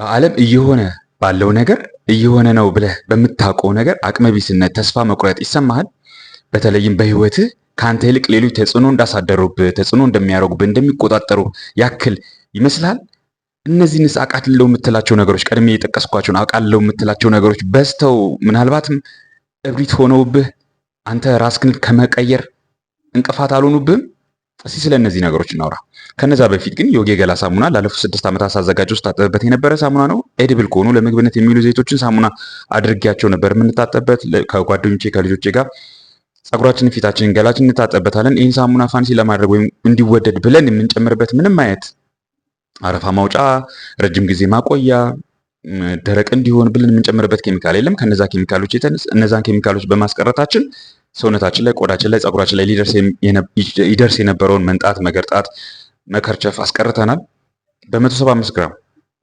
በዓለም እየሆነ ባለው ነገር እየሆነ ነው ብለህ በምታውቀው ነገር አቅመቢስነት፣ ተስፋ መቁረጥ ይሰማሃል። በተለይም በህይወትህ ከአንተ ይልቅ ሌሎች ተጽዕኖ እንዳሳደሩብህ፣ ተጽዕኖ እንደሚያደርጉብህ፣ እንደሚቆጣጠሩ ያክል ይመስልሃል። እነዚህንስ አውቃለሁ የምትላቸው ነገሮች ቀድሜ የጠቀስኳቸውን አውቃለሁ የምትላቸው ነገሮች በዝተው ምናልባትም እብሪት ሆነውብህ አንተ ራስክን ከመቀየር እንቅፋት አልሆኑብህም? እስቲ ስለ እነዚህ ነገሮች እናውራ። ከነዛ በፊት ግን ዮጊ የገላ ሳሙና ላለፉት ስድስት ዓመታት ሳዘጋጀው ስታጠብበት የነበረ ሳሙና ነው። ኤድብል ከሆኑ ለምግብነት የሚሉ ዘይቶችን ሳሙና አድርጌያቸው ነበር የምንታጠበት ከጓደኞቼ ከልጆቼ ጋር ጸጉራችን፣ ፊታችንን፣ ገላችን እንታጠበታለን። ይህን ሳሙና ፋንሲ ለማድረግ ወይም እንዲወደድ ብለን የምንጨምርበት ምንም አይነት አረፋ ማውጫ፣ ረጅም ጊዜ ማቆያ፣ ደረቅ እንዲሆን ብለን የምንጨምርበት ኬሚካል የለም። ከነዛ ኬሚካሎች የተነሳ እነዛን ኬሚካሎች በማስቀረታችን ሰውነታችን ላይ፣ ቆዳችን ላይ፣ ፀጉራችን ላይ ሊደርስ የነበረውን መንጣት፣ መገርጣት፣ መከርቸፍ አስቀርተናል። በ175 ግራም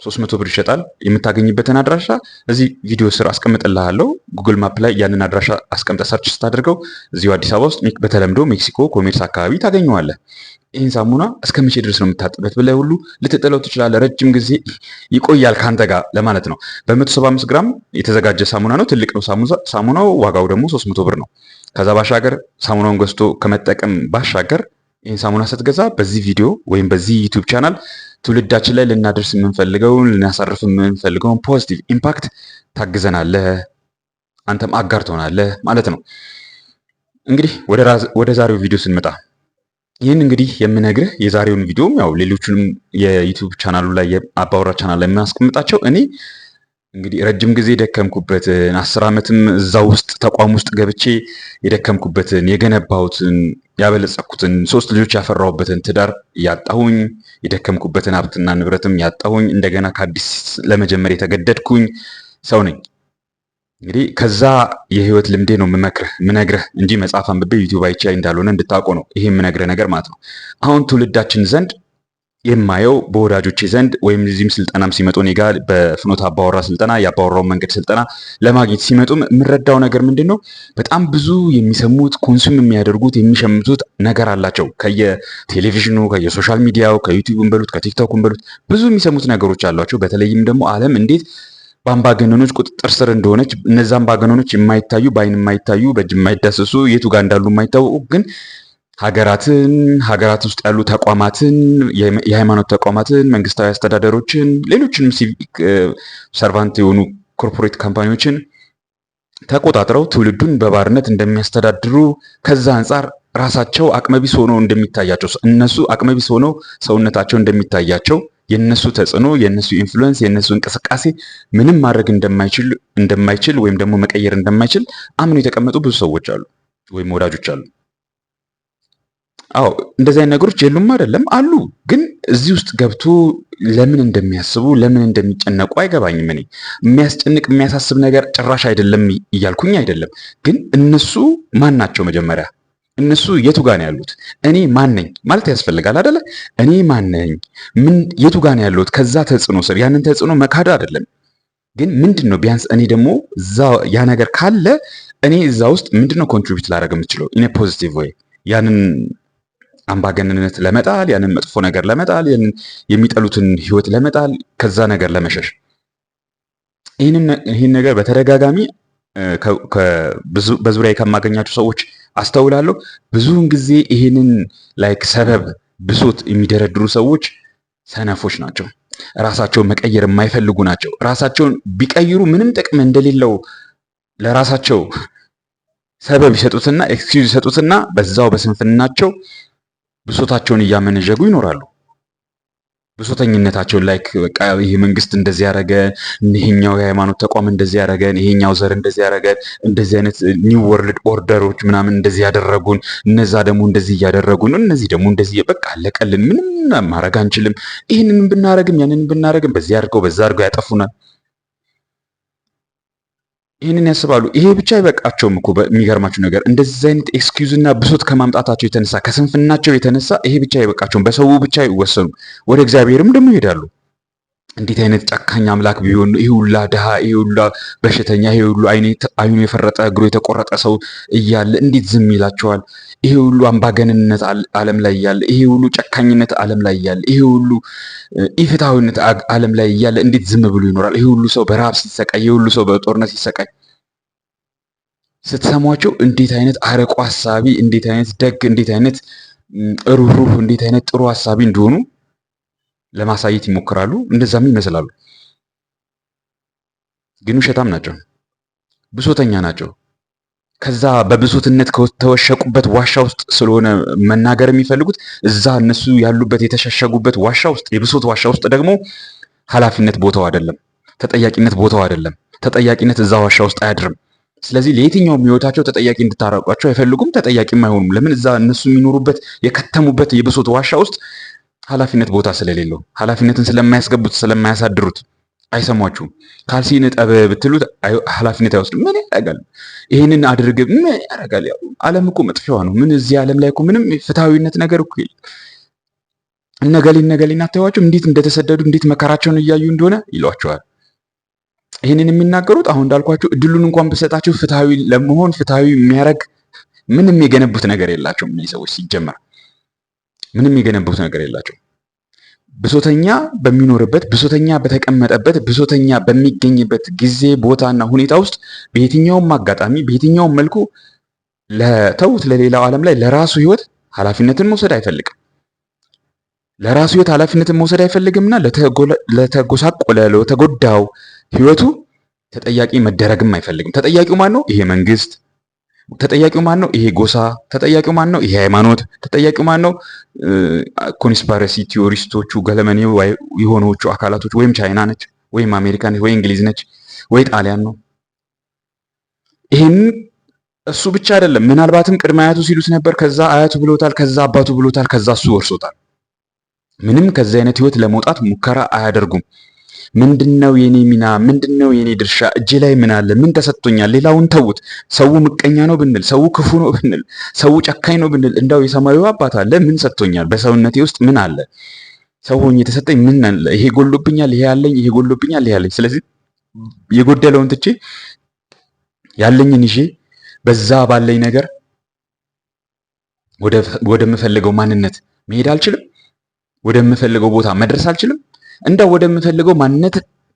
300 ብር ይሸጣል። የምታገኝበትን አድራሻ እዚህ ቪዲዮ ስር አስቀምጥልሃለሁ። ጉግል ማፕ ላይ ያንን አድራሻ አስቀምጠ ሰርች ስታደርገው እዚሁ አዲስ አበባ ውስጥ በተለምዶ ሜክሲኮ ኮሜርስ አካባቢ ታገኘዋለህ። ይህን ሳሙና እስከ መቼ ድረስ ነው የምታጥበት ብለህ ሁሉ ልትጥለው ትችላለህ። ረጅም ጊዜ ይቆያል ከአንተ ጋር ለማለት ነው። በ175 ግራም የተዘጋጀ ሳሙና ነው። ትልቅ ነው ሳሙናው። ዋጋው ደግሞ 300 ብር ነው። ከዛ ባሻገር ሳሙናውን ገዝቶ ከመጠቀም ባሻገር ይህን ሳሙና ስትገዛ በዚህ ቪዲዮ ወይም በዚህ ዩቲዩብ ቻናል ትውልዳችን ላይ ልናደርስ የምንፈልገውን ልናሳርፍ የምንፈልገውን ፖዚቲቭ ኢምፓክት ታግዘናለህ፣ አንተም አጋር ትሆናለህ ማለት ነው። እንግዲህ ወደ ዛሬው ቪዲዮ ስንመጣ ይህን እንግዲህ የምነግርህ የዛሬውን ቪዲዮም ያው ሌሎቹንም የዩቱብ ቻናሉ ላይ አባወራ ቻናል ላይ የሚያስቀምጣቸው እኔ እንግዲህ ረጅም ጊዜ የደከምኩበትን አስር ዓመትም እዛ ውስጥ ተቋም ውስጥ ገብቼ የደከምኩበትን የገነባሁትን ያበለጸኩትን ሶስት ልጆች ያፈራሁበትን ትዳር ያጣሁኝ የደከምኩበትን ሀብትና ንብረትም ያጣሁኝ እንደገና ከአዲስ ለመጀመር የተገደድኩኝ ሰው ነኝ። እንግዲህ ከዛ የህይወት ልምዴ ነው የምመክርህ ምነግርህ እንጂ መጽሐፍ አንብቤ ዩቲዩብ አይቻይ እንዳልሆነ እንድታውቁ ነው ይሄ የምነግርህ ነገር ማለት ነው። አሁን ትውልዳችን ዘንድ የማየው በወዳጆቼ ዘንድ ወይም እዚህም ስልጠናም ሲመጡ እኔ ጋር በፍኖት አባወራ ስልጠና የአባወራውን መንገድ ስልጠና ለማግኘት ሲመጡም የምረዳው ነገር ምንድን ነው? በጣም ብዙ የሚሰሙት ኮንሱም የሚያደርጉት የሚሸምቱት ነገር አላቸው። ከየቴሌቪዥኑ፣ ከየሶሻል ሚዲያው፣ ከዩቲዩብን በሉት ከቲክቶክን በሉት ብዙ የሚሰሙት ነገሮች አሏቸው። በተለይም ደግሞ ዓለም እንዴት በአምባገነኖች ቁጥጥር ስር እንደሆነች እነዚ አምባገነኖች የማይታዩ በአይን የማይታዩ በእጅ የማይዳሰሱ የቱ ጋር እንዳሉ የማይታወቁ ግን ሀገራትን ሀገራት ውስጥ ያሉ ተቋማትን የሃይማኖት ተቋማትን መንግስታዊ አስተዳደሮችን ሌሎችንም ሲቪክ ሰርቫንት የሆኑ ኮርፖሬት ካምፓኒዎችን ተቆጣጥረው ትውልዱን በባርነት እንደሚያስተዳድሩ ከዛ አንጻር ራሳቸው አቅመቢስ ሆኖ እንደሚታያቸው እነሱ አቅመቢስ ሆኖ ሰውነታቸው እንደሚታያቸው የእነሱ ተጽዕኖ፣ የነሱ ኢንፍሉዌንስ፣ የእነሱ እንቅስቃሴ ምንም ማድረግ እንደማይችል ወይም ደግሞ መቀየር እንደማይችል አምኖ የተቀመጡ ብዙ ሰዎች አሉ ወይም ወዳጆች አሉ። አዎ እንደዚህ አይነት ነገሮች የሉም አይደለም፣ አሉ። ግን እዚህ ውስጥ ገብቶ ለምን እንደሚያስቡ ለምን እንደሚጨነቁ አይገባኝም። እኔ የሚያስጨንቅ የሚያሳስብ ነገር ጭራሽ አይደለም እያልኩኝ አይደለም። ግን እነሱ ማን ናቸው መጀመሪያ እነሱ የቱ ጋር ነው ያሉት? እኔ ማን ነኝ ማለት ያስፈልጋል አደለ? እኔ ማን ነኝ? ምን የቱ ጋር ነው ያሉት? ከዛ ተጽዕኖ ስር ያንን ተጽዕኖ መካድ አይደለም ግን ምንድን ነው ቢያንስ እኔ ደግሞ ያ ነገር ካለ እኔ እዛ ውስጥ ምንድን ነው ኮንትሪቢዩት ላደረግ የምችለው ኢን ፖዚቲቭ ወይ ያንን አምባገንነት ለመጣል ያንን መጥፎ ነገር ለመጣል ያንን የሚጠሉትን ህይወት ለመጣል ከዛ ነገር ለመሸሽ ይህን ነገር በተደጋጋሚ በዙሪያ ከማገኛቸው ሰዎች አስተውላለሁ። ብዙውን ጊዜ ይህንን ላይክ ሰበብ ብሶት የሚደረድሩ ሰዎች ሰነፎች ናቸው። ራሳቸውን መቀየር የማይፈልጉ ናቸው። ራሳቸውን ቢቀይሩ ምንም ጥቅም እንደሌለው ለራሳቸው ሰበብ ይሰጡትና ኤክስኪውዝ ይሰጡትና በዛው በስንፍናቸው ብሶታቸውን እያመነዠጉ ይኖራሉ። ብሶተኝነታቸውን ላይክ በቃ ይሄ መንግስት እንደዚህ ያደረገን፣ ይሄኛው የሃይማኖት ተቋም እንደዚህ ያደረገን፣ ይሄኛው ዘር እንደዚህ ያደረገን፣ እንደዚህ አይነት ኒው ወርልድ ኦርደሮች ምናምን እንደዚህ ያደረጉን፣ እነዛ ደግሞ እንደዚህ እያደረጉን፣ እነዚህ ደግሞ እንደዚህ በቃ አለቀልን፣ ምንም ማድረግ አንችልም፣ ይህንን ብናረግም ያንን ብናረግም በዚህ አድርገው በዛ አድርገው ያጠፉናል። ይህንን ያስባሉ። ይሄ ብቻ አይበቃቸውም እኮ በሚገርማቸው ነገር እንደዚህ አይነት ኤክስኪዩዝ እና ብሶት ከማምጣታቸው የተነሳ ከስንፍናቸው የተነሳ ይሄ ብቻ አይበቃቸውም። በሰው ብቻ አይወሰኑም። ወደ እግዚአብሔርም ደግሞ ይሄዳሉ። እንዴት አይነት ጨካኝ አምላክ ቢሆን ነው? ይህ ሁላ ድሃ፣ ይሄ ሁላ በሽተኛ፣ ይሄ ሁሉ አይኑ የፈረጠ እግሩ የተቆረጠ ሰው እያለ እንዴት ዝም ይላቸዋል? ይሄ ሁሉ አምባገንነት ዓለም ላይ እያለ፣ ይሄ ሁሉ ጨካኝነት ዓለም ላይ እያለ፣ ይሄ ሁሉ ኢፍትሐዊነት ዓለም ላይ እያለ እንዴት ዝም ብሎ ይኖራል? ይሄ ሁሉ ሰው በረሃብ ሲሰቃይ፣ ይሄ ሁሉ ሰው በጦርነት ሲሰቃይ ስትሰሟቸው እንዴት አይነት አርቆ አሳቢ፣ እንዴት አይነት ደግ፣ እንዴት አይነት ሩህሩህ፣ እንዴት አይነት ጥሩ አሳቢ እንደሆኑ ለማሳየት ይሞክራሉ። እንደዛም ይመስላሉ፣ ግን ውሸታም ናቸው፣ ብሶተኛ ናቸው። ከዛ በብሶትነት ከተወሸቁበት ዋሻ ውስጥ ስለሆነ መናገር የሚፈልጉት እዛ እነሱ ያሉበት የተሸሸጉበት ዋሻ ውስጥ የብሶት ዋሻ ውስጥ ደግሞ ኃላፊነት ቦታው አይደለም፣ ተጠያቂነት ቦታው አይደለም። ተጠያቂነት እዛ ዋሻ ውስጥ አያድርም። ስለዚህ ለየትኛው ህይወታቸው ተጠያቂ እንድታረቋቸው አይፈልጉም፣ ተጠያቂም አይሆኑም። ለምን እዛ እነሱ የሚኖሩበት የከተሙበት የብሶት ዋሻ ውስጥ ኃላፊነት ቦታ ስለሌለው ኃላፊነትን ስለማያስገቡት ስለማያሳድሩት አይሰሟችሁም። ካልሲን ጠብ ብትሉት ኃላፊነት አይወስድም። ምን ያደርጋል? ይህንን አድርግ ምን ያደርጋል? ዓለም እኮ መጥፊያዋ ነው። ምን እዚህ ዓለም ላይ እኮ ምንም ፍትሐዊነት ነገር እኮ የለ። እነገሌን ነገሌን አታዩዋቸውም? እንዴት እንደተሰደዱ እንዴት መከራቸውን እያዩ እንደሆነ ይሏቸዋል። ይህንን የሚናገሩት አሁን እንዳልኳቸው እድሉን እንኳን ብሰጣቸው ፍትሐዊ ለመሆን ፍትሐዊ የሚያደርግ ምንም የገነቡት ነገር የላቸውም እነዚህ ሰዎች ሲጀመር ምንም የሚገነቡት ነገር የላቸው። ብሶተኛ በሚኖርበት ብሶተኛ በተቀመጠበት ብሶተኛ በሚገኝበት ጊዜ ቦታና ሁኔታ ውስጥ በየትኛውም አጋጣሚ በየትኛውም መልኩ ለተውት ለሌላው ዓለም ላይ ለራሱ ህይወት ኃላፊነትን መውሰድ አይፈልግም። ለራሱ ህይወት ኃላፊነትን መውሰድ አይፈልግምና ለተጎሳቆለ ለተጎዳው ህይወቱ ተጠያቂ መደረግም አይፈልግም። ተጠያቂው ማን ነው? ይሄ መንግስት፣ ተጠያቂው ማን ነው? ይሄ ጎሳ ተጠያቂው ማን ነው? ይሄ ሃይማኖት ተጠያቂው ማን ነው? ኮንስፓረሲ ቲዮሪስቶቹ ገለመኔ የሆኑዎቹ አካላቶች ወይም ቻይና ነች ወይም አሜሪካ ነች ወይ እንግሊዝ ነች ወይ ጣሊያን ነው። ይሄን እሱ ብቻ አይደለም፣ ምናልባትም ቅድመ አያቱ ሲሉት ነበር፣ ከዛ አያቱ ብሎታል፣ ከዛ አባቱ ብሎታል፣ ከዛ እሱ ወርሶታል። ምንም ከዚህ አይነት ህይወት ለመውጣት ሙከራ አያደርጉም። ምንድነው የኔ ሚና? ምንድነው የኔ ድርሻ? እጄ ላይ ምን አለ? ምን ተሰጥቶኛል? ሌላውን ተዉት። ሰው ምቀኛ ነው ብንል፣ ሰው ክፉ ነው ብንል፣ ሰው ጨካኝ ነው ብንል፣ እንዳው የሰማዩ አባት አለ ምን ሰጥቶኛል? በሰውነቴ ውስጥ ምን አለ? ሰው ሆኜ የተሰጠኝ ምን አለ? ይሄ ጎሎብኛል፣ ይሄ ያለኝ፣ ይሄ ጎሎብኛል፣ ይሄ ያለኝ። ስለዚህ የጎደለውን ትቼ ያለኝን ይዤ በዛ ባለኝ ነገር ወደምፈልገው ማንነት መሄድ አልችልም። ወደምፈልገው ቦታ መድረስ አልችልም። እንደ ወደምፈልገው ማንነት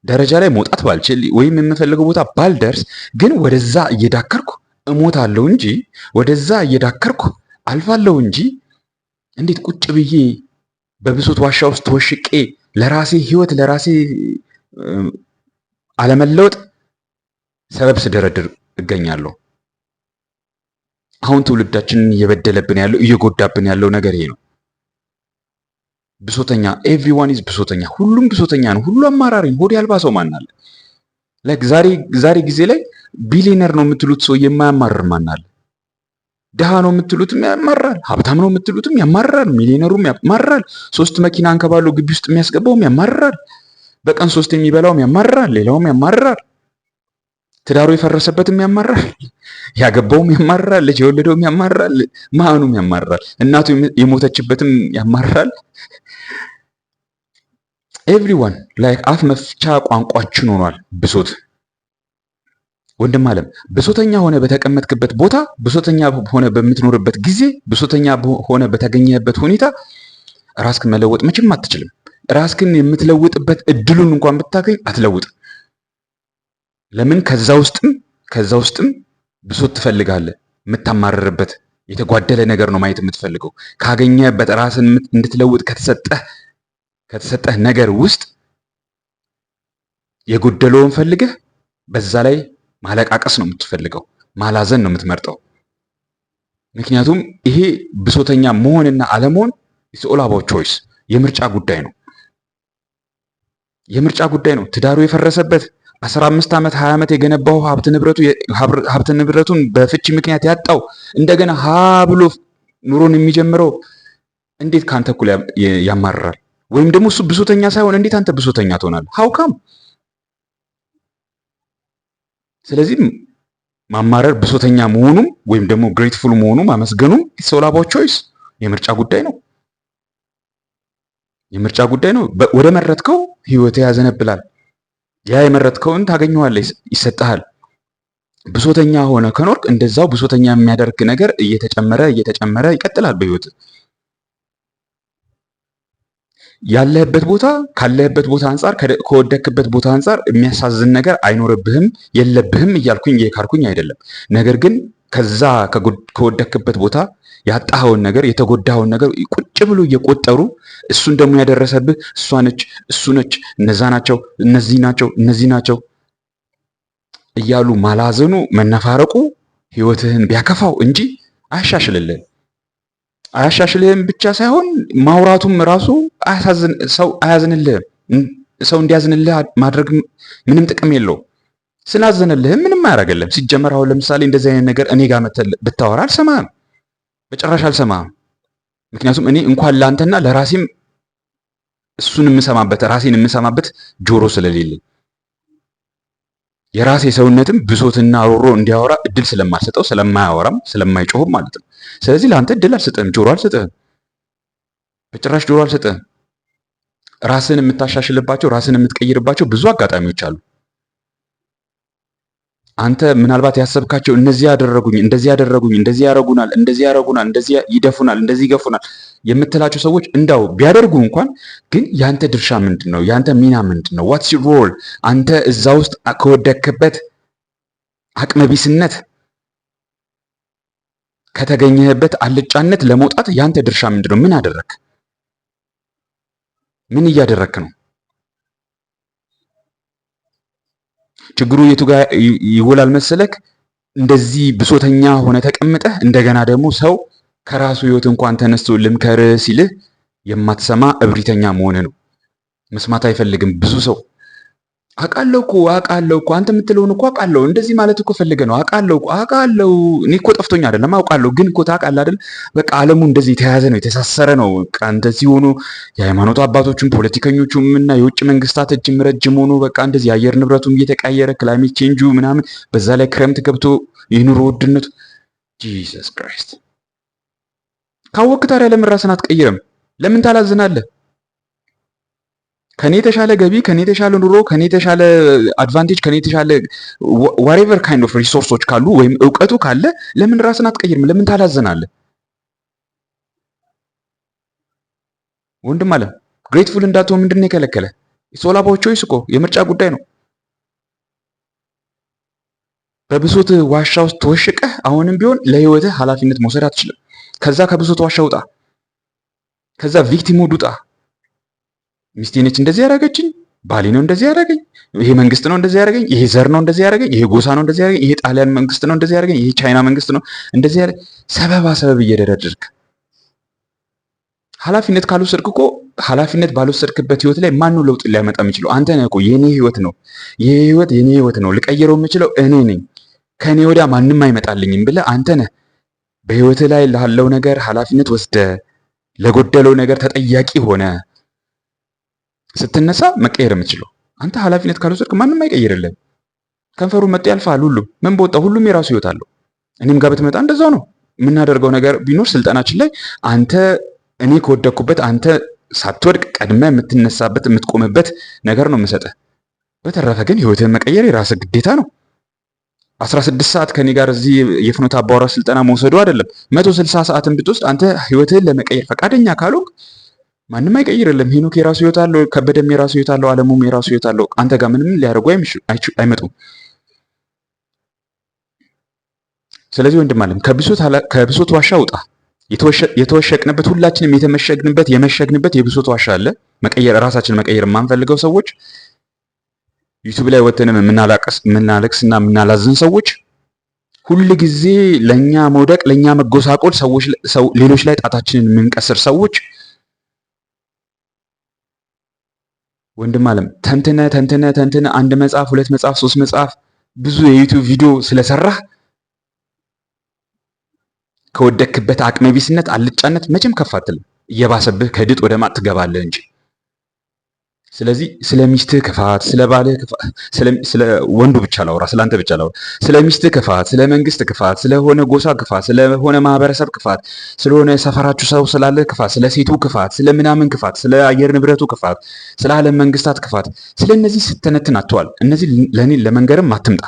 ደረጃ ላይ መውጣት ባልችል ወይም የምፈልገው ቦታ ባልደርስ፣ ግን ወደዛ እየዳከርኩ እሞታለሁ እንጂ ወደዛ እየዳከርኩ አልፋለሁ እንጂ እንዴት ቁጭ ብዬ በብሶት ዋሻ ውስጥ ተወሽቄ ለራሴ ህይወት ለራሴ አለመለወጥ ሰበብ ስደረድር እገኛለሁ። አሁን ትውልዳችንን እየበደለብን ያለው እየጎዳብን ያለው ነገር ይሄ ነው። ብሶተኛ ኤቭሪዋን ኢዝ ብሶተኛ፣ ሁሉም ብሶተኛ ነው። ሁሉ አማራሪ ነው። ሆድ ያልባ ሰው ማን አለ? ላይክ ዛሬ ጊዜ ላይ ቢሊነር ነው የምትሉት ሰው የማያማርር ማን አለ? ድሃ ነው የምትሉትም ያማራል ሀብታም ነው የምትሉትም ያማራል ሚሊነሩም ያማራል ሶስት መኪና አንከባሎ ግቢ ውስጥ የሚያስገባውም ያማራል። በቀን ሶስት የሚበላውም ያማራል ሌላውም ያማራል ትዳሩ የፈረሰበትም ያማራል ያገባውም ያማራል ልጅ የወለደውም ያማራል መሃኑም ያማራል እናቱ የሞተችበትም ያማራል። ኤቭሪዋን ላይክ አፍ መፍቻ ቋንቋችን ሆኗል ብሶት። ወንድም አለም ብሶተኛ ሆነ በተቀመጥክበት ቦታ፣ ብሶተኛ ሆነ በምትኖርበት ጊዜ፣ ብሶተኛ ሆነ በተገኘበት ሁኔታ ራስክን መለወጥ መቼም አትችልም። ራስክን የምትለውጥበት እድሉን እንኳን ብታገኝ አትለውጥም። ለምን? ከዛ ውስጥም ከዛ ውስጥም ብሶት ትፈልጋለ የምታማርርበት የተጓደለ ነገር ነው ማየት የምትፈልገው። ካገኘበት ራስን እንድትለውጥ ከተሰጠህ ከተሰጠህ ነገር ውስጥ የጎደለውን ፈልገህ በዛ ላይ ማለቃቀስ ነው የምትፈልገው፣ ማላዘን ነው የምትመርጠው። ምክንያቱም ይሄ ብሶተኛ መሆንና አለመሆን ኢትስ ቾይስ የምርጫ ጉዳይ ነው። የምርጫ ጉዳይ ነው። ትዳሩ የፈረሰበት 15 ዓመት 20 ዓመት የገነባው ሀብት ንብረቱን በፍቺ ምክንያት ያጣው እንደገና ሀ ብሎ ኑሮን የሚጀምረው እንዴት ካንተ እኩል ያማርራል? ወይም ደግሞ እሱ ብሶተኛ ሳይሆን እንዴት አንተ ብሶተኛ ትሆናለህ? ሀውካም ስለዚህ ማማረር ብሶተኛ መሆኑም ወይም ደግሞ ግሬትፉል መሆኑም አመስገኑም ሰው ቾይስ የምርጫ ጉዳይ ነው። የምርጫ ጉዳይ ነው። ወደ መረጥከው ህይወት ያዘነብላል። ያ የመረጥከውን ታገኘዋለህ፣ ይሰጠሃል። ብሶተኛ ሆነ ከኖርክ እንደዛው ብሶተኛ የሚያደርግ ነገር እየተጨመረ እየተጨመረ ይቀጥላል በህይወት ያለህበት ቦታ ካለህበት ቦታ አንጻር ከወደክበት ቦታ አንጻር የሚያሳዝን ነገር አይኖርብህም የለብህም እያልኩኝ እየካርኩኝ አይደለም። ነገር ግን ከዛ ከወደክበት ቦታ ያጣኸውን ነገር የተጎዳኸውን ነገር ቁጭ ብሎ እየቆጠሩ እሱን ደግሞ ያደረሰብህ እሷ ነች፣ እሱ ነች፣ እነዛ ናቸው፣ እነዚህ ናቸው፣ እነዚህ ናቸው እያሉ ማላዘኑ መነፋረቁ ህይወትህን ቢያከፋው እንጂ አያሻሽልልን። አያሻሽልህም ብቻ ሳይሆን ማውራቱም ራሱ ሰው አያዝንልህም። ሰው እንዲያዝንልህ ማድረግ ምንም ጥቅም የለውም። ስላዘነልህም ምንም አያደርግልህም። ሲጀመር አሁን ለምሳሌ እንደዚህ አይነት ነገር እኔ ጋር ብታወራ አልሰማህም፣ በጭራሽ አልሰማህም። ምክንያቱም እኔ እንኳን ለአንተና ለራሴም እሱን የምሰማበት ራሴን የምሰማበት ጆሮ ስለሌለኝ የራሴ ሰውነትም ብሶትና ሮሮ እንዲያወራ እድል ስለማልሰጠው ስለማያወራም ስለማይጮህም ማለት ነው። ስለዚህ ለአንተ እድል አልሰጥህም፣ ጆሮ አልሰጥህም፣ በጭራሽ ጆሮ አልሰጥህም። ራስን የምታሻሽልባቸው ራስን የምትቀይርባቸው ብዙ አጋጣሚዎች አሉ። አንተ ምናልባት ያሰብካቸው እነዚህ ያደረጉኝ እንደዚህ ያደረጉኝ እንደዚህ ያረጉናል እንደዚህ ያረጉናል እንደዚህ ይደፉናል እንደዚህ ይገፉናል የምትላቸው ሰዎች እንዳው ቢያደርጉ እንኳን ግን ያንተ ድርሻ ምንድን ነው? ያንተ ሚና ምንድን ነው? ዋትስ ሮል አንተ እዛ ውስጥ ከወደክበት አቅመቢስነት ከተገኘህበት አልጫነት ለመውጣት ያንተ ድርሻ ምንድን ነው? ምን አደረክ? ምን እያደረክ ነው? ችግሩ የቱ ጋር ይጎላል መሰለክ? እንደዚህ ብሶተኛ ሆነ ተቀምጠህ እንደገና ደግሞ ሰው ከራሱ ህይወት እንኳን ተነስቶ ልምከርህ ሲልህ የማትሰማ እብሪተኛ መሆን ነው። መስማት አይፈልግም ብዙ ሰው አውቃለሁ እኮ እኮ አንተ የምትለውን እኮ አውቃለሁ። እንደዚህ ማለት እኮ ፈልገ ነው። አቃለው እኮ እኔ እኮ ጠፍቶኝ አይደለም አውቃለሁ። ግን እኮ ታውቃለህ አይደል? በቃ አለሙ እንደዚህ የተያዘ ነው፣ የተሳሰረ ነው። በቃ እንደዚህ ሆኖ የሃይማኖት አባቶቹም ፖለቲከኞቹም እና የውጭ መንግስታት እጅም ረጅም ሆኖ በቃ እንደዚህ የአየር ንብረቱም እየተቀየረ ክላይሜት ቼንጁ ምናምን፣ በዛ ላይ ክረምት ገብቶ የኑሮ ውድነቱ ጂሰስ ክራይስት። ካወቅህ ታዲያ ለምን ራስን አትቀይርም? ለምን ታላዝናለህ? ከኔ የተሻለ ገቢ፣ ከኔ የተሻለ ኑሮ፣ ከኔ የተሻለ አድቫንቴጅ፣ ከኔ የተሻለ ዋሬቨር ካይንድ ኦፍ ሪሶርሶች ካሉ ወይም እውቀቱ ካለ ለምን ራስን አትቀይርም? ለምን ታላዘናለህ? ወንድም አለ ግሬትፉል እንዳትሆን ምንድን ነው የከለከለ? ሶላባዎቹ ይስቆ የምርጫ ጉዳይ ነው። በብሶት ዋሻ ውስጥ ተወሽቀህ አሁንም ቢሆን ለህይወትህ ኃላፊነት መውሰድ አትችልም። ከዛ ከብሶት ዋሻ ውጣ። ከዛ ቪክቲም ውድ ውጣ። ሚስቴ ነች እንደዚህ ያደረገችኝ፣ ባሌ ነው እንደዚህ ያደረገኝ፣ ይሄ መንግስት ነው እንደዚህ ያደረገኝ፣ ይሄ ዘር ነው እንደዚህ ያደረገኝ፣ ይሄ ጎሳ ነው እንደዚህ ያደረገኝ፣ ይሄ ጣሊያን መንግስት ነው እንደዚህ ያደረገኝ፣ ይሄ ቻይና መንግስት ነው እንደዚህ ያደረገኝ። ሰበባ ሰበብ እየደረድርክ ኃላፊነት ካልወሰድክ እኮ ኃላፊነት ባልወሰድክበት ህይወት ላይ ነው ለውጥ ሊያመጣ የሚችለው አንተ ነህ እኮ። የኔ ህይወት ነው ይሄ ህይወት የኔ ህይወት ነው ልቀይረው የምችለው እኔ ነኝ፣ ከእኔ ወዲያ ማንም አይመጣልኝም ብለህ አንተ ነህ በህይወት ላይ ላለው ነገር ኃላፊነት ወስደ ለጎደለው ነገር ተጠያቂ ሆነ ስትነሳ መቀየር የምችለው አንተ ኃላፊነት ካልወሰድክ ማንም አይቀይርልህም። ከንፈሩ መጥቶ ያልፋል። ሁሉም ምን በወጣ ሁሉም የራሱ ህይወት አለው። እኔም ጋር ብትመጣ እንደዛው ነው። የምናደርገው ነገር ቢኖር ስልጠናችን ላይ አንተ እኔ ከወደኩበት አንተ ሳትወድቅ ቀድመ የምትነሳበት የምትቆምበት ነገር ነው የምሰጠ በተረፈ ግን ህይወትን መቀየር የራስ ግዴታ ነው። 16 ሰዓት ከኔ ጋር እዚህ የፍኖተ አባወራ ስልጠና መውሰዱ አይደለም። መቶ ሰዓትን ብትወስድ አንተ ህይወትህን ለመቀየር ፈቃደኛ ካልሆንክ ማንም አይቀይርልም። ሄኖክ የራሱ ህይወት አለው፣ ከበደም የራሱ ህይወት አለው፣ አለሙም የራሱ ህይወት አለው። አንተ ጋር ምንም ሊያደርጉ አይመጡም። ስለዚህ ወንድም አለም ከብሶት ዋሻ ውጣ። የተወሸቅንበት ሁላችንም የተመሸግንበት የመሸግንበት የብሶት ዋሻ አለ። መቀየር ራሳችን መቀየር የማንፈልገው ሰዎች ዩቱብ ላይ ወተንም የምናለቅስና የምናላዝን ሰዎች ሁል ጊዜ ለእኛ መውደቅ ለእኛ መጎሳቆል ሌሎች ላይ ጣታችንን የምንቀስር ሰዎች ወንድም አለም ተንትነ ተንትነ ተንትነ አንድ መጽሐፍ ሁለት መጽሐፍ ሶስት መጽሐፍ ብዙ የዩቲዩብ ቪዲዮ ስለሰራህ ከወደክበት አቅመቢስነት አልጫነት መቼም ከፍ አትልም። እየባሰብህ ከድጥ ወደ ማጥ ትገባለህ እንጂ ስለዚህ ስለ ሚስትህ ክፋት፣ ስለ ባልህ ክፋት፣ ስለ ወንዱ ብቻ ላውራ፣ ስለ አንተ ብቻ ላውራ። ስለ ሚስትህ ክፋት፣ ስለ መንግስት ክፋት፣ ስለሆነ ጎሳ ክፋት፣ ስለሆነ ማህበረሰብ ክፋት፣ ስለሆነ ሰፈራችሁ ሰው ስላለ ክፋት፣ ስለ ሴቱ ክፋት፣ ስለ ምናምን ክፋት፣ ስለ አየር ንብረቱ ክፋት፣ ስለ ዓለም መንግስታት ክፋት፣ ስለ እነዚህ ስተነትን አትተዋል። እነዚህ ለእኔ ለመንገርም አትምጣ፣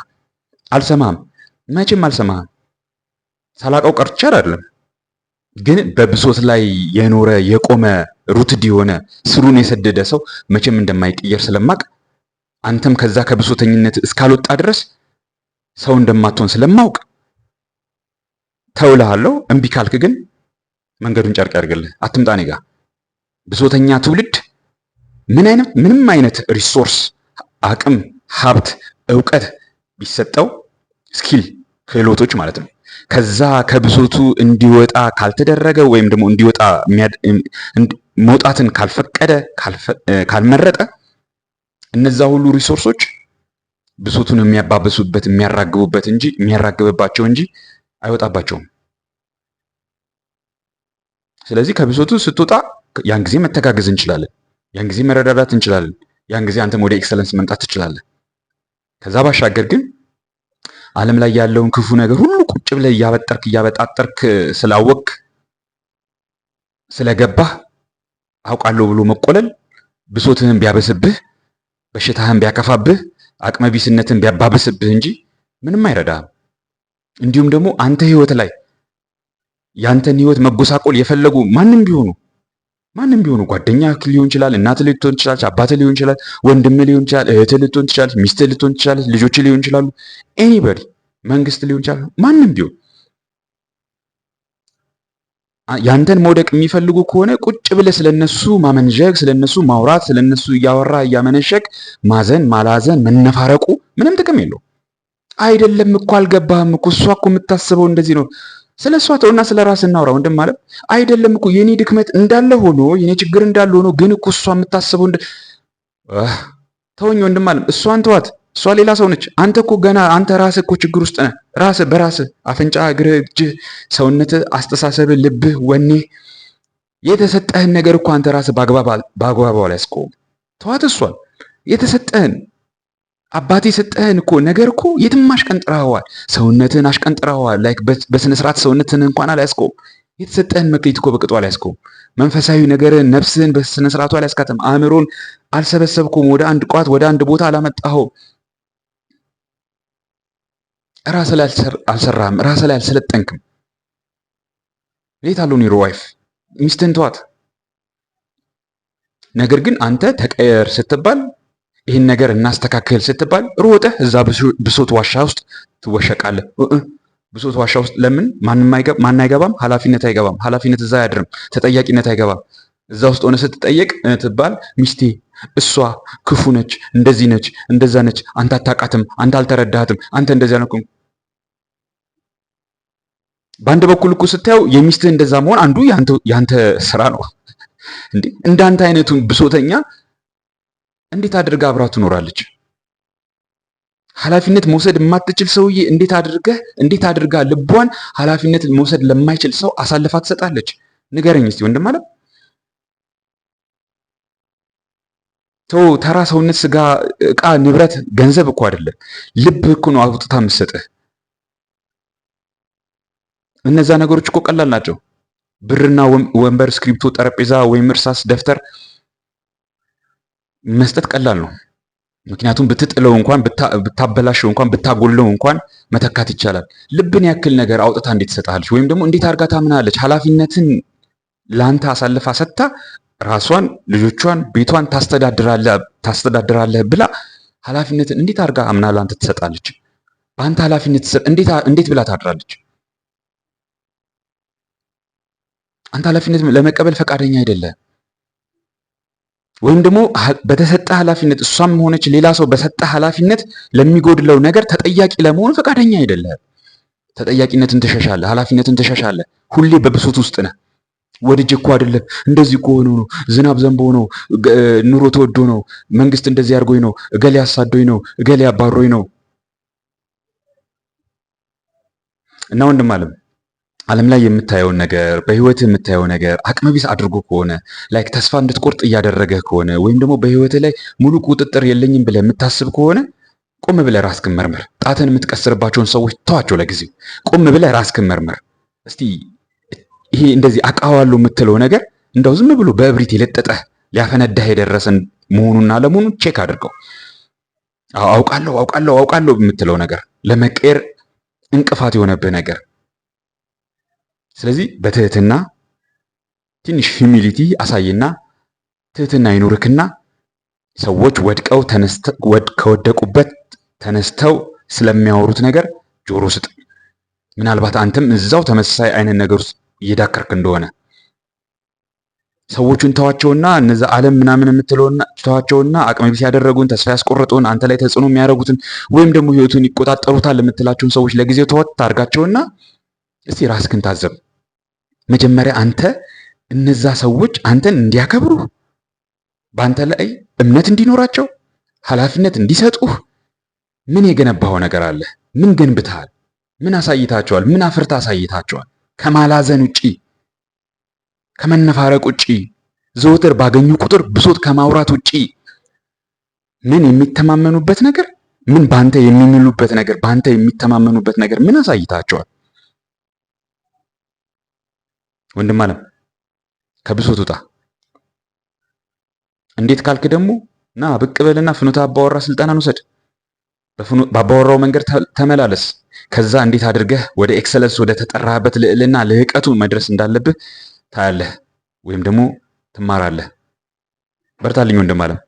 አልሰማህም፣ መቼም አልሰማህም። ሳላቀው ቀርቼ አይደለም፣ ግን በብሶት ላይ የኖረ የቆመ ሩትድ የሆነ ስሩን የሰደደ ሰው መቼም እንደማይቀየር ስለማቅ አንተም ከዛ ከብሶተኝነት እስካልወጣ ድረስ ሰው እንደማትሆን ስለማውቅ ተውልሃለሁ። እምቢ ካልክ ግን መንገዱን ጨርቅ ያድርግልህ፣ አትምጣ እኔ ጋ። ብሶተኛ ትውልድ ምን አይነት ምንም አይነት ሪሶርስ፣ አቅም፣ ሀብት፣ እውቀት ቢሰጠው ስኪል ክህሎቶች ማለት ነው ከዛ ከብሶቱ እንዲወጣ ካልተደረገ ወይም ደግሞ እንዲወጣ መውጣትን ካልፈቀደ ካልመረጠ እነዛ ሁሉ ሪሶርሶች ብሶቱን የሚያባብሱበት የሚያራግቡበት እንጂ የሚያራግብባቸው እንጂ አይወጣባቸውም። ስለዚህ ከብሶቱ ስትወጣ ያን ጊዜ መተጋገዝ እንችላለን፣ ያን ጊዜ መረዳዳት እንችላለን፣ ያን ጊዜ አንተም ወደ ኤክሰለንስ መምጣት ትችላለን። ከዛ ባሻገር ግን ዓለም ላይ ያለውን ክፉ ነገር ሁሉ ቁጭ ብለህ እያበጠርክ እያበጣጠርክ ስላወቅ ስለገባህ አውቃለሁ ብሎ መቆለል ብሶትህን ቢያበስብህ በሽታህን ቢያከፋብህ አቅመቢስነትን ቢያባብስብህ እንጂ ምንም አይረዳህም። እንዲሁም ደግሞ አንተ ህይወት ላይ ያንተን ህይወት መጎሳቆል የፈለጉ ማንም ቢሆኑ ማንም ቢሆኑ ጓደኛ ሊሆን ይችላል፣ እናት ልትሆን ትችላለች፣ አባት ሊሆን ይችላል፣ ወንድም ሊሆን ይችላል፣ እህት ልትሆን ትችላለች፣ ሚስት ልትሆን ትችላለች፣ ልጆች ሊሆን ይችላሉ፣ ኤኒበዲ መንግስት ሊሆን ይችላል፣ ማንም ቢሆን ያንተን መውደቅ የሚፈልጉ ከሆነ ቁጭ ብለህ ስለነሱ ማመንዠግ፣ ስለነሱ ማውራት፣ ስለነሱ እያወራ እያመነሸግ ማዘን፣ ማላዘን፣ መነፋረቁ ምንም ጥቅም የለው። አይደለም እኮ አልገባህም እኮ እሷ እኮ የምታስበው እንደዚህ ነው። ስለ እሷ ተውና ስለ ራስ እናውራ ወንድም ማለት አይደለም እኮ የኔ ድክመት እንዳለ ሆኖ የኔ ችግር እንዳለ ሆኖ ግን እኮ እሷ የምታስበው ተውኝ ወንድም ማለት እሷን ተዋት። እሷ ሌላ ሰው ነች። አንተ እኮ ገና አንተ ራስህ እኮ ችግር ውስጥ ነህ። ራስህ በራስህ አፍንጫ፣ እግር፣ እጅ፣ ሰውነት፣ አስተሳሰብ፣ ልብህ፣ ወኔ የተሰጠህን ነገር እኮ አንተ ራስህ በአግባቡ አልያዝከውም። ተዋት እሷን የተሰጠህን አባቴ የሰጠህን እኮ ነገር እኮ የትም አሽቀንጥረኸዋል። ሰውነትህን አሽቀንጥረኸዋል። ላይክ በስነ ስርዓት ሰውነትህን እንኳን አላያስቆም። የተሰጠህን መክሊት እኮ በቅጡ አላያስቆም። መንፈሳዊ ነገርህን ነፍስህን በስነ ስርዓቱ አልያዝካትም። አእምሮን አልሰበሰብኩም። ወደ አንድ ቋት ወደ አንድ ቦታ አላመጣኸውም። ራስ ላይ አልሰራህም፣ ራስ ላይ አልሰለጠንክም። ሌት አሉን ዩር ዋይፍ ሚስትህን ተዋት። ነገር ግን አንተ ተቀየር ስትባል ይህን ነገር እናስተካክል ስትባል ሮጠህ እዛ ብሶት ዋሻ ውስጥ ትወሸቃለህ። ብሶት ዋሻ ውስጥ ለምን ማን አይገባም? ኃላፊነት አይገባም። ኃላፊነት እዛ አያድርም። ተጠያቂነት አይገባም። እዛ ውስጥ ሆነ ስትጠየቅ ትባል ሚስቴ እሷ ክፉ ነች፣ እንደዚህ ነች፣ እንደዛ ነች፣ አንተ አታውቃትም፣ አንተ አልተረዳትም አንተ እንደዚህ ነው በአንድ በኩል እኮ ስታየው የሚስትህ እንደዛ መሆን አንዱ ያንተ ስራ ነው እንዴ። እንዳንተ አይነቱን ብሶተኛ እንዴት አድርጋ አብራ ትኖራለች? ኃላፊነት መውሰድ የማትችል ሰውዬ እንዴት አድርገህ እንዴት አድርጋ ልቧን ኃላፊነት መውሰድ ለማይችል ሰው አሳልፋ ትሰጣለች? ንገረኝ እስቲ ወንድም አለም። ተው። ተራ ሰውነት፣ ስጋ፣ እቃ፣ ንብረት፣ ገንዘብ እኮ አይደለም ልብ እኮ ነው አውጥታ የምትሰጥህ። እነዛ ነገሮች እኮ ቀላል ናቸው። ብርና ወንበር፣ እስክሪብቶ፣ ጠረጴዛ ወይም እርሳስ፣ ደብተር መስጠት ቀላል ነው። ምክንያቱም ብትጥለው እንኳን ብታበላሸው እንኳን ብታጎለው እንኳን መተካት ይቻላል። ልብን ያክል ነገር አውጥታ እንዴት ትሰጣለች? ወይም ደግሞ እንዴት አድርጋ ታምናለች? ኃላፊነትን ለአንተ አሳልፋ ሰጥታ ራሷን፣ ልጆቿን፣ ቤቷን ታስተዳድራለህ ብላ ኃላፊነትን እንዴት አድርጋ አምና ለአንተ ትሰጣለች? በአንተ ኃላፊነት እንዴት ብላ ታድራለች? አንተ ኃላፊነት ለመቀበል ፈቃደኛ አይደለም። ወይም ደግሞ በተሰጠ ኃላፊነት እሷም ሆነች ሌላ ሰው በሰጠ ኃላፊነት ለሚጎድለው ነገር ተጠያቂ ለመሆን ፈቃደኛ አይደለም። ተጠያቂነትን ትሸሻለህ፣ ኃላፊነትን ትሸሻለህ። ሁሌ በብሶት ውስጥ ነ ወድጅ እኮ አይደለም እንደዚህ እኮ ሆኖ ነው፣ ዝናብ ዘንቦ ነው፣ ኑሮ ተወዶ ነው፣ መንግስት እንደዚህ አድርጎኝ ነው፣ እገሌ አሳዶኝ ነው፣ እገሌ አባሮኝ ነው እና ወንድም አለም ዓለም ላይ የምታየውን ነገር በህይወት የምታየው ነገር አቅመቢስ አድርጎ ከሆነ ላይክ ተስፋ እንድትቆርጥ እያደረገህ ከሆነ ወይም ደግሞ በህይወት ላይ ሙሉ ቁጥጥር የለኝም ብለህ የምታስብ ከሆነ ቆም ብለህ ራስ መርምር። ጣትን የምትቀስርባቸውን ሰዎች ተዋቸው ለጊዜው። ቆም ብለህ ራስህን መርምር። እስቲ ይሄ እንደዚህ አቃዋሉ የምትለው ነገር እንደው ዝም ብሎ በእብሪት የለጠጠህ ሊያፈነዳህ የደረሰን መሆኑና ለመሆኑ ቼክ አድርገው። አውቃለሁ አውቃለሁ አውቃለሁ የምትለው ነገር ለመቀየር እንቅፋት የሆነብህ ነገር ስለዚህ በትህትና ትንሽ ሂሚሊቲ አሳይና ትህትና ይኑርክና ሰዎች ወድቀው ከወደቁበት ተነስተው ስለሚያወሩት ነገር ጆሮ ስጥ። ምናልባት አንተም እዛው ተመሳሳይ አይነት ነገር ውስጥ እየዳከርክ እንደሆነ ሰዎቹን ተዋቸውና እነዚ ዓለም ምናምን የምትለውና ተዋቸውና አቅመ ቢስ ያደረጉን ተስፋ ያስቆረጡን አንተ ላይ ተጽዕኖ የሚያደርጉትን ወይም ደግሞ ህይወቱን ይቆጣጠሩታል የምትላቸውን ሰዎች ለጊዜው ተወት ታርጋቸውና እስቲ ራስክን ታዘብ። መጀመሪያ አንተ እነዛ ሰዎች አንተን እንዲያከብሩ በአንተ ላይ እምነት እንዲኖራቸው ኃላፊነት እንዲሰጡህ ምን የገነባኸው ነገር አለ? ምን ገንብተሃል? ምን አሳይታቸዋል? ምን አፍርታ አሳይታቸዋል? ከማላዘን ውጪ፣ ከመነፋረቅ ውጪ፣ ዘወትር ባገኙ ቁጥር ብሶት ከማውራት ውጪ ምን የሚተማመኑበት ነገር ምን በአንተ የሚምሉበት ነገር በአንተ የሚተማመኑበት ነገር ምን አሳይታቸዋል? ወንድም አለም ከብሶት ውጣ። እንዴት ካልክ ደግሞ ና ብቅ በልና ፍኖተ አባወራ ስልጠናን ውሰድ። በአባወራው መንገድ ተመላለስ። ከዛ እንዴት አድርገህ ወደ ኤክሰለንስ ወደ ተጠራህበት ልዕልና ልህቀቱ መድረስ እንዳለብህ ታያለህ፣ ወይም ደግሞ ትማራለህ። በርታልኝ ወንድም አለም።